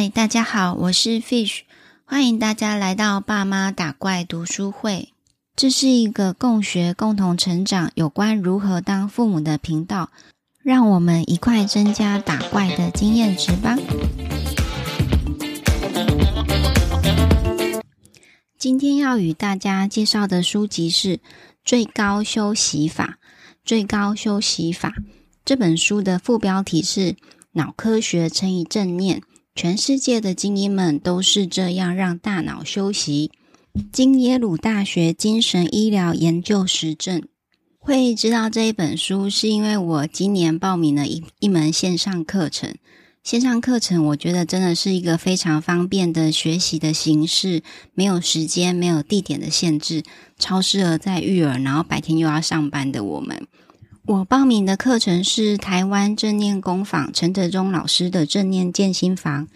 嗨，Hi, 大家好，我是 Fish，歡迎大家來到爸媽打怪讀書會。這是一個共學、共同成長有關如何當父母的頻道，讓我們一塊增加打怪的經驗值吧。今天要與大家介紹的書籍是《最高休息法》。《最高休息法》這本書的副標題是“腦科學乘以正念”。全世界的精英們都是這樣讓大腦休息。經耶魯大學精神醫療研究實證，會知道這一本書是因為我今年報名了一一門線上課程。線上課程我覺得真的是一個非常方便的學習的形式，沒有時間、沒有地點的限制，超適合在育兒，然後白天又要上班的我們。我報名的課程是台灣正念工坊陳德中老師的正念健心房。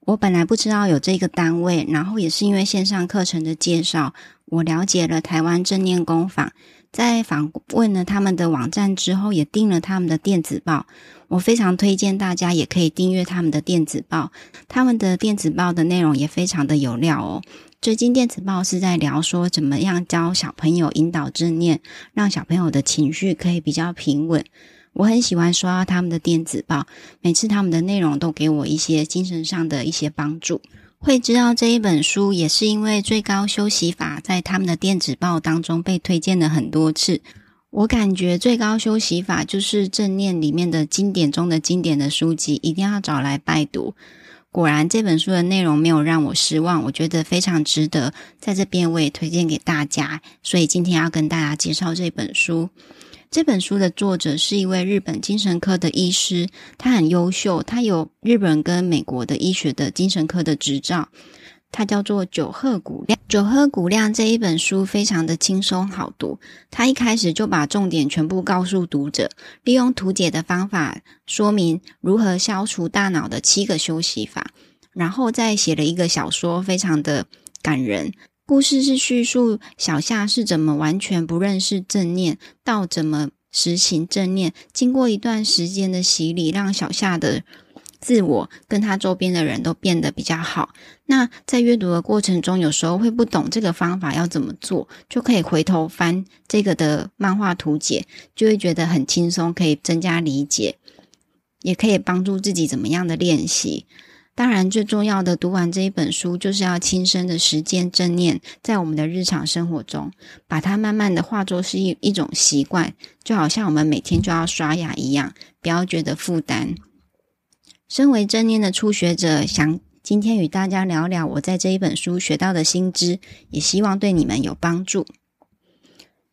我本來不知道有這個單位，然後也是因為線上課程的介紹，我了解了台灣正念工坊。在訪問了他們的網站之後，也訂了他們的電子報。我非常推薦大家，也可以訂閱他們的電子報。他們的電子報的內容也非常的有料哦。最近電子報是在聊說，怎麼樣教小朋友引導正念，讓小朋友的情緒可以比較平穩。我很喜歡刷他們的電子報，每次他們的內容都給我一些精神上的一些幫助。會知道這一本書也是因為最高休息法在他們的電子報當中被推薦了很多次。我感覺最高休息法就是正念裡面的經典中的經典的書籍，一定要找來拜讀。果然這本書的內容沒有讓我失望，我覺得非常值得，在這邊我也推薦給大家。所以今天要跟大家介紹這本書。這本書的作者是一位日本精神科的醫師，他很優秀，他有日本跟美國的醫學的精神科的執照。他叫做久賀谷亮，久賀谷亮這一本書非常的輕鬆好讀，他一開始就把重點全部告訴讀者，利用圖解的方法說明如何消除大腦的七個休息法，然後再寫了一個小說，非常的感人。故事是敘述小夏是怎麼完全不認識正念，到怎麼實行正念。經過一段時間的洗禮，讓小夏的自我跟他周邊的人都變得比較好。那在閱讀的過程中，有時候會不懂這個方法要怎麼做，就可以回頭翻這個的漫畫圖解，就會覺得很輕鬆，可以增加理解，也可以幫助自己怎麼樣的練習。當然，最重要的，讀完這一本書，就是要親身的實踐正念，在我們的日常生活中，把它慢慢的化作是一一種習慣，就好像我們每天就要刷牙一樣，不要覺得負擔。身為正念的初學者，想今天與大家聊聊我在這一本書學到的新知，也希望對你們有幫助。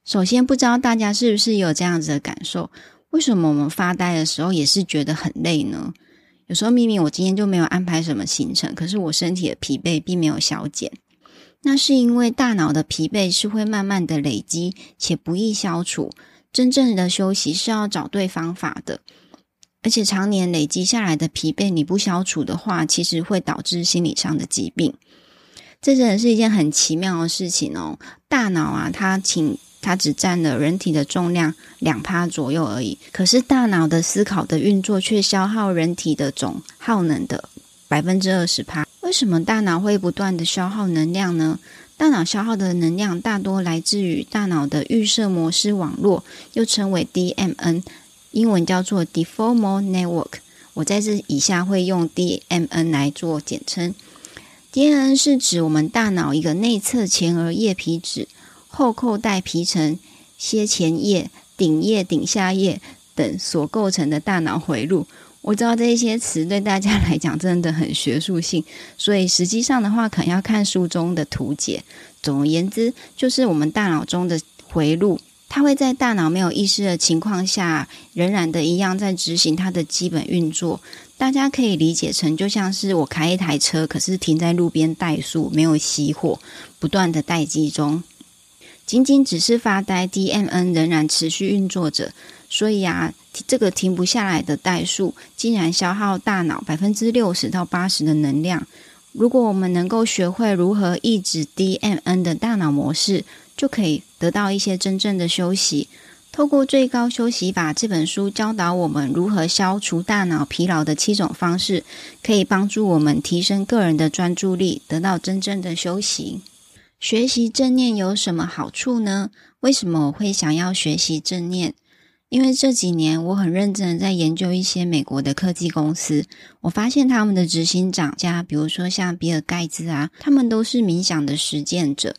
首先，不知道大家是不是有這樣子的感受，為什麼我們發呆的時候也是覺得很累呢？有時候，明明我今天就沒有安排什麼行程，可是我身體的疲憊並沒有消減。那是因為大腦的疲憊是會慢慢的累積且不易消除。真正的休息是要找對方法的，而且常年累積下來的疲憊，你不消除的話，其實會導致心理上的疾病。這真的是一件很奇妙的事情哦，大腦啊，它挺。它只佔了人體的重量兩趴左右而已，可是大腦的思考的運作卻消耗人體的總耗能的百分之二十趴。為什麼大腦會不斷的消耗能量呢？大腦消耗的能量大多來自於大腦的預設模式網絡，又稱為 DMN，英文叫做 Default Mode Network。我在這以下會用 DMN 來做簡稱。DMN 是指我們大腦一個內側前額葉皮質、後扣帶皮層、楔前葉、頂葉、頂下葉等所構成的大腦回路，我知道這些詞對大家來講真的很學術性，所以實際上的話，可能要看書中的圖解。總而言之，就是我們大腦中的回路，它會在大腦沒有意識的情況下，仍然的一樣在執行它的基本運作。大家可以理解成就像是我開一台車，可是停在路邊怠速，沒有熄火，不斷的待機中。僅僅只是發呆，DMN 仍然持續運作着。所以啊，這個停不下來的怠速竟然消耗大腦百分之六十到八十的能量。如果我們能夠學會如何抑制 DMN 的大腦模式，就可以得到一些真正的休息。透過《最高休息法》這本書教導我們如何消除大腦疲勞的七種方式，可以幫助我們提升個人的專注力，得到真正的休息。學習正念有什麼好處呢？為什麼我會想要學習正念？因為這幾年我很認真地在研究一些美國的科技公司，我發現他們的執行長家，比如說像比爾蓋茨啊，他們都是冥想的實踐者。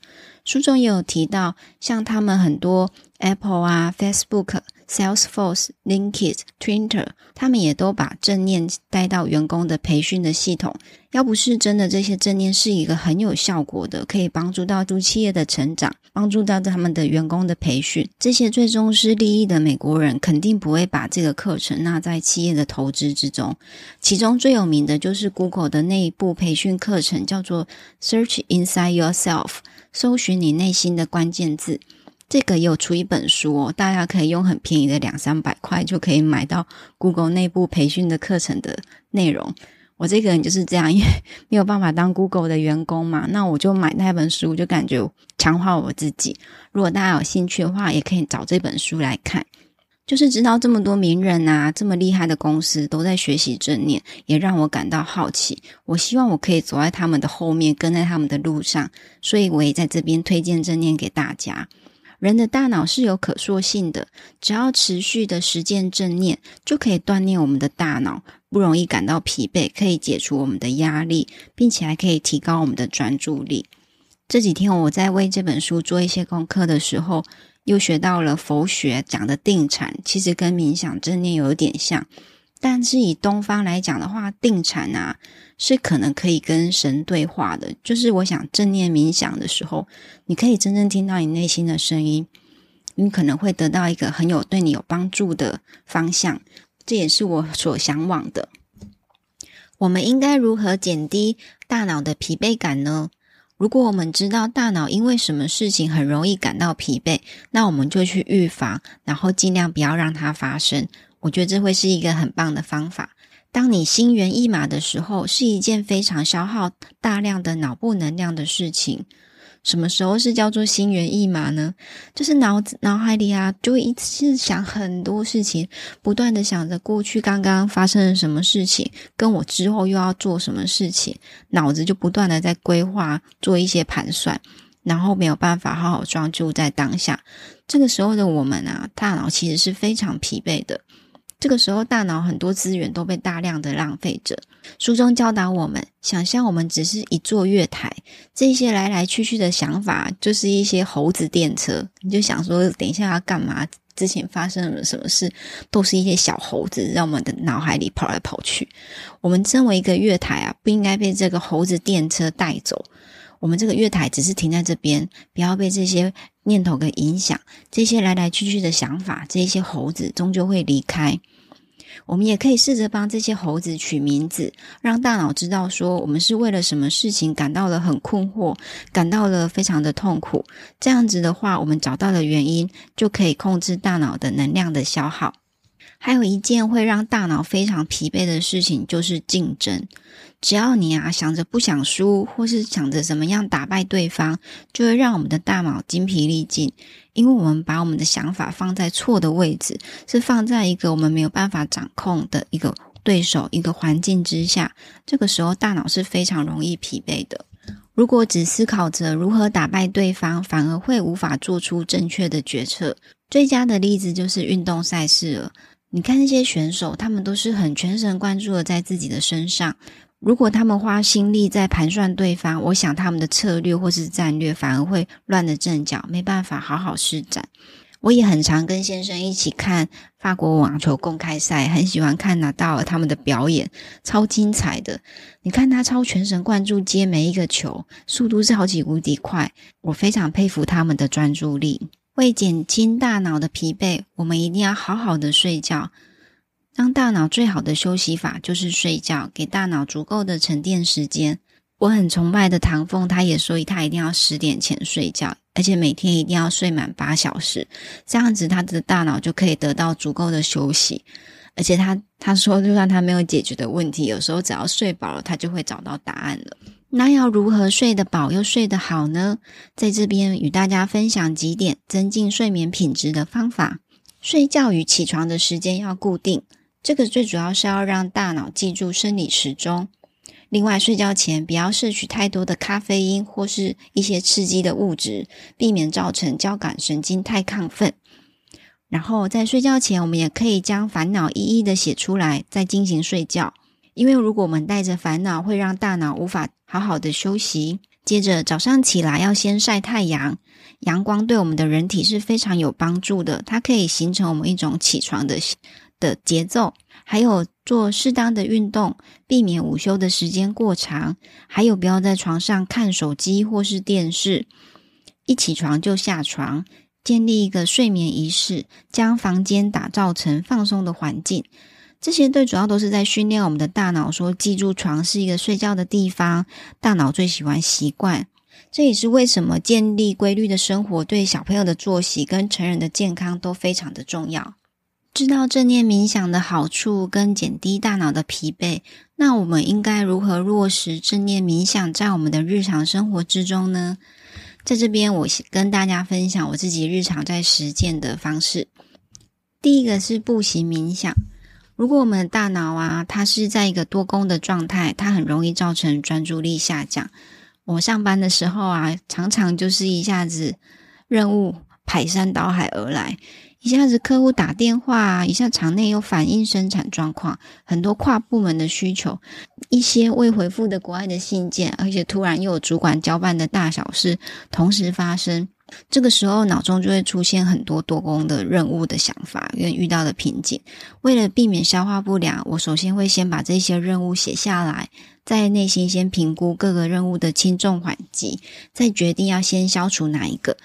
書中也有提到，像他們很多 Apple 啊、Facebook、Salesforce、LinkedIn、Twitter，他們也都把正念帶到員工的培訓的系統。要不是真的這些正念是一個很有效果的，可以幫助到做企業的成長，幫助到他們的員工的培訓，這些最終是利益的美國人肯定不會把這個課程納在企業的投資之中。其中最有名的就是 Google 的內部培訓課程，叫做 Search Inside Yourself。搜尋你內心的關鍵字，這個也有出一本書哦，大家可以用很便宜的兩三百塊就可以買到 Google 內部培訓的課程的內容。我這個人就是這樣，因為沒有辦法當 Google 的員工嘛，那我就買那本書，我就感覺強化我自己。如果大家有興趣的話，也可以找這本書來看。就是知道這麼多名人啊，這麼厲害的公司都在學習正念，也讓我感到好奇。我希望我可以走在他們的後面，跟在他們的路上。所以我也在這邊推薦正念給大家。人的大腦是有可塑性的，只要持續的實踐正念，就可以鍛鍊我們的大腦，不容易感到疲憊，可以解除我們的壓力，並且還可以提高我們的專注力。這幾天我在為這本書做一些功課的時候，又學到了佛學講的定禪，其實跟冥想正念有點像，但是以東方來講的話，定禪啊是可能可以跟神對話的。就是我想正念冥想的時候，你可以真正聽到你內心的聲音，你可能會得到一個很有對你有幫助的方向。這也是我所嚮往的。我們應該如何減低大腦的疲憊感呢？如果我們知道大腦因為什麼事情很容易感到疲憊，那我們就去預防，然後盡量不要讓它發生。我覺得這會是一個很棒的方法。當你心猿意馬的時候，是一件非常消耗大量的腦部能量的事情。什麼時候是叫做心猿意馬呢？就是腦子腦海裡啊，就一直想很多事情，不斷的想着過去剛剛發生了什麼事情，跟我之後又要做什麼事情，腦子就不斷的在規劃，做一些盤算，然後沒有辦法好好專注在當下。這個時候的我們啊，大腦其實是非常疲憊的。這個時候，大腦很多資源都被大量的浪費着。書中教導我們：想象我們只是一座月台，這些來來去去的想法就是一些猴子電車。你就想說，等一下要幹嘛？之前發生了什麼事？都是一些小猴子讓我們的腦海裡跑來跑去。我們身為一個月台啊，不應該被這個猴子電車帶走。我們這個月台只是停在這邊，不要被這些念頭給影響。這些來來去去的想法，這些猴子終究會離開。我們也可以試着幫這些猴子取名字，讓大腦知道說我們是為了什麼事情感到了很困惑，感到了非常的痛苦。這樣子的話，我們找到了原因就可以控制大腦的能量的消耗。還有一件會讓大腦非常疲憊的事情，就是競爭。只要你啊想着不想輸，或是想着怎麼樣打敗對方，就會讓我們的大腦筋疲力盡，因為我們把我們的想法放在錯的位置，是放在一個我們沒有辦法掌控的一個對手、一個環境之下。這個時候，大腦是非常容易疲憊的。如果只思考着如何打敗對方，反而會無法做出正確的決策。最佳的例子就是運動賽事了。你看那些選手，他們都是很全神貫注的在自己的身上。如果他們花心力在盤算對方，我想他們的策略或是戰略反而會亂了陣腳，沒辦法好好施展。我也很常跟先生一起看法國網球公開賽，很喜歡看納達爾他們的表演，超精彩的。你看他超全神貫注接每一個球，速度超級無敵快，我非常佩服他們的專注力。為減輕大腦的疲憊，我們一定要好好的睡覺。讓大腦最好的休息法就是睡覺，給大腦足夠的沉澱時間。我很崇拜的唐鳳，他也說他一定要十點前睡覺，而且每天一定要睡滿八小時，這樣子他的大腦就可以得到足夠的休息。而且他他說，就算他沒有解決的問題，有時候只要睡飽了，他就會找到答案了。那要如何睡得飽又睡得好呢？在這邊與大家分享幾點增進睡眠品質的方法：睡覺與起床的時間要固定。這個最主要是要讓大腦記住生理時鐘。另外，睡覺前不要攝取太多的咖啡因或是一些刺激的物質，避免造成交感神經太亢奮。然後，在睡覺前，我們也可以將煩惱一一的寫出來，再進行睡覺。因為如果我們帶着煩惱，會讓大腦無法好好的休息。接着，早上起來要先曬太陽，陽光對我們的人體是非常有幫助的，它可以形成我們一種起床的的節奏，還有做適當的運動，避免午休的時間過長，還有不要在床上看手機或是電視，一起床就下床，建立一個睡眠儀式，將房間打造成放鬆的環境。這些最主要都是在訓練我們的大腦，說記住床是一個睡覺的地方。大腦最喜歡習慣，這也是為什麼建立規律的生活對小朋友的作息跟成人的健康都非常的重要。知道正念冥想的好處跟減低大腦的疲憊，那我們應該如何落實正念冥想在我們的日常生活之中呢？在這邊，我跟大家分享我自己日常在實踐的方式。第一個是步行冥想。如果我們的大腦啊，它是在一個多工的狀態，它很容易造成專注力下降。我上班的時候啊，常常就是一下子任務排山倒海而來。一下子客戶打電話，一下場內又反映生產狀況，很多跨部門的需求，一些未回復的國外的信件，而且突然又有主管交辦的大小事同時發生。這個時候，腦中就會出現很多多工的任務的想法跟遇到的瓶頸。為了避免消化不良，我首先會先把這些任務寫下來，在內心先評估各個任務的輕重緩急，再決定要先消除哪一個。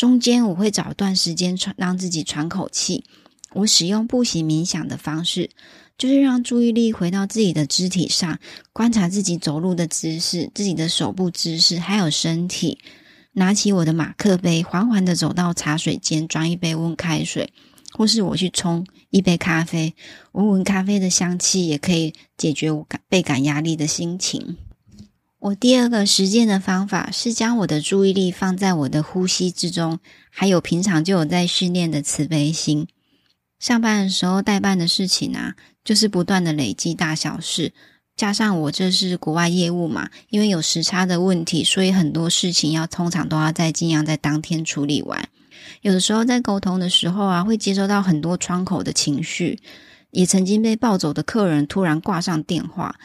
中間我會找一段時間喘，讓自己喘口氣。我使用步行冥想的方式，就是讓注意力回到自己的肢體上，觀察自己走路的姿勢、自己的手部姿勢，還有身體。拿起我的馬克杯，緩緩的走到茶水間，裝一杯溫開水，或是我去沖一杯咖啡，聞聞咖啡的香氣，也可以解決我感倍感壓力的心情。我第二個實踐的方法是將我的注意力放在我的呼吸之中，還有平常就有在訓練的慈悲心。上班的時候待辦的事情啊，就是不斷的累積大小事。加上我這是國外業務嘛，因為有時差的問題，所以很多事情要通常都要在盡量在當天處理完。有的時候在溝通的時候啊，會接收到很多窗口的情緒，也曾經被暴走的客人突然掛上電話。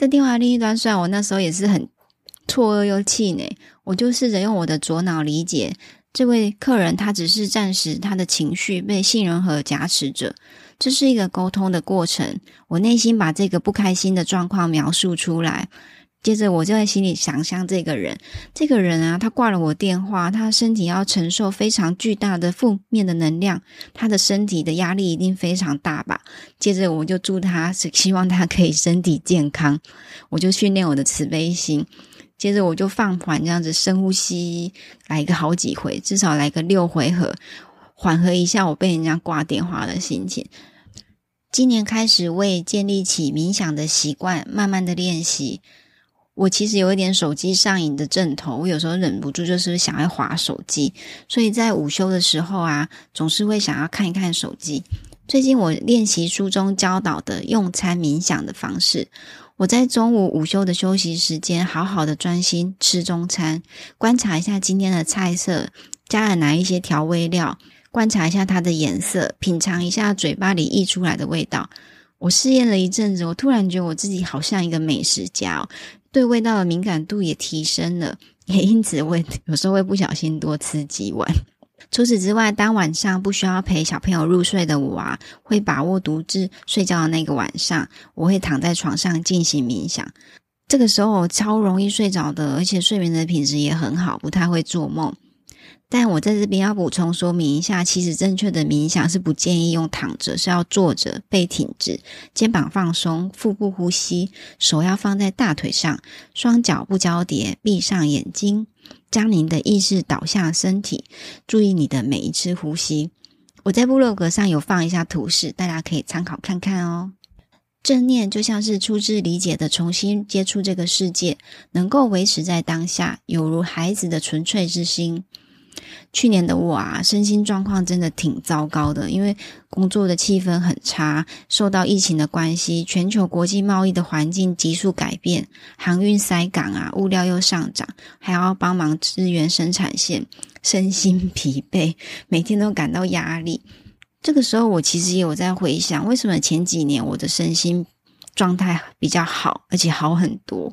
在電話另一端，雖然我那時候也是很錯愕又氣餒，我就試着用我的左腦理解，這位客人他只是暫時他的情緒被信任和挾持着，這是一個溝通的過程。我內心把這個不開心的狀況描述出來。接着我就在心裡想象這個人，這個人啊，他掛了我電話，他身體要承受非常巨大的負面的能量，他的身體的壓力一定非常大吧？接着我就祝他，是希望他可以身體健康。我就訓練我的慈悲心，接着我就放緩這樣子深呼吸，來個好幾回，至少來個六回合，緩和一下我被人家掛電話的心情。今年開始我也建立起冥想的習慣，慢慢的練習。我其實有一點手機上癮的症頭，我有時候忍不住就是想要滑手機，所以在午休的時候啊，總是會想要看一看手機。最近我練習書中教導的用餐冥想的方式，我在中午午休的休息時間，好好的專心吃中餐，觀察一下今天的菜色加了哪一些調味料，觀察一下它的顏色，品嘗一下嘴巴裡溢出來的味道。我試驗了一陣子，我突然覺得我自己好像一個美食家哦。對味道的敏感度也提升了，也因此會有時候會不小心多吃幾碗。除此之外，當晚上不需要陪小朋友入睡的我啊，會把握獨自睡覺的那個晚上，我會躺在床上進行冥想。這個時候我超容易睡着的，而且睡眠的品質也很好，不太會做夢。但我在這邊要補充說明一下，其實正確的冥想是不建議用躺着，是要坐着，背挺直，肩膀放鬆，腹部呼吸，手要放在大腿上，雙腳不交疊，閉上眼睛，將您的意識導向身體，注意你的每一次呼吸。我在部落格上有放一下圖示，大家可以參考看看哦。正念就像是初次理解的重新接觸這個世界，能夠維持在當下，有如孩子的純粹之心。去年的我啊，身心狀況真的挺糟糕的，因為工作的氣氛很差，受到疫情的關係，全球國際貿易的環境急速改變，航運塞港啊，物料又上漲，還要幫忙支援生產線，身心疲憊，每天都感到壓力。這個時候，我其實也有在回想，為什麼前幾年我的身心狀態比較好，而且好很多。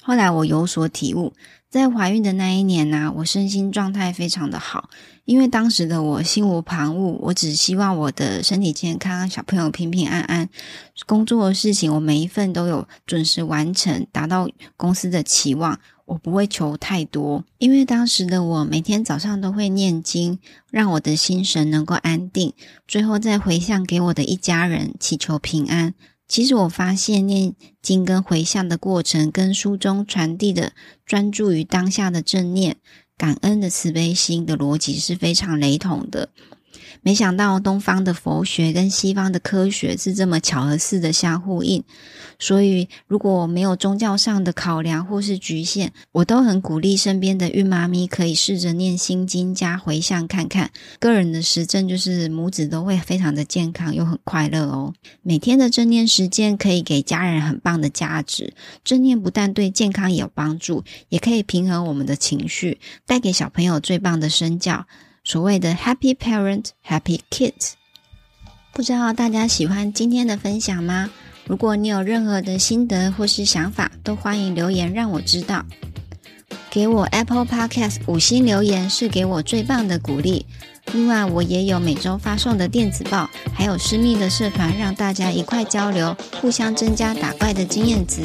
後來我有所體悟。在懷孕的那一年呢、啊，我身心狀態非常的好，因為當時的我心無旁騖，我只希望我的身體健康，小朋友平平安安，工作的事情我每一份都有準時完成，達到公司的期望，我不會求太多，因為當時的我每天早上都會念經，讓我的心神能夠安定，最後再回向給我的一家人，祈求平安。其實我發現念經跟回向的過程，跟書中傳遞的專注於當下的正念、感恩的慈悲心的邏輯是非常雷同的。沒想到東方的佛學跟西方的科學是這麼巧合似的相呼應，所以如果沒有宗教上的考量或是侷限，我都很鼓勵身邊的孕媽咪可以試着念心經加回向看看。個人的實證就是母子都會非常的健康又很快樂哦。每天的正念時間可以給家人很棒的價值，正念不但對健康有幫助，也可以平衡我們的情緒，帶給小朋友最棒的身教。所謂的 Happy Parent, Happy Kids，不知道大家喜歡今天的分享嗎？如果你有任何的心得或是想法，都歡迎留言讓我知道。給我 Apple Podcast 五星留言是給我最棒的鼓勵。另外，我也有每周發送的電子報，還有私密的社團，讓大家一塊交流，互相增加打怪的經驗值。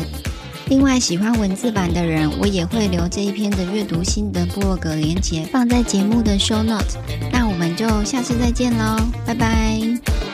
另外喜歡文字版的人，我也會留這一篇的閱讀心得部落格連結放在節目的 show note。那我們就下次再見嘍，拜拜。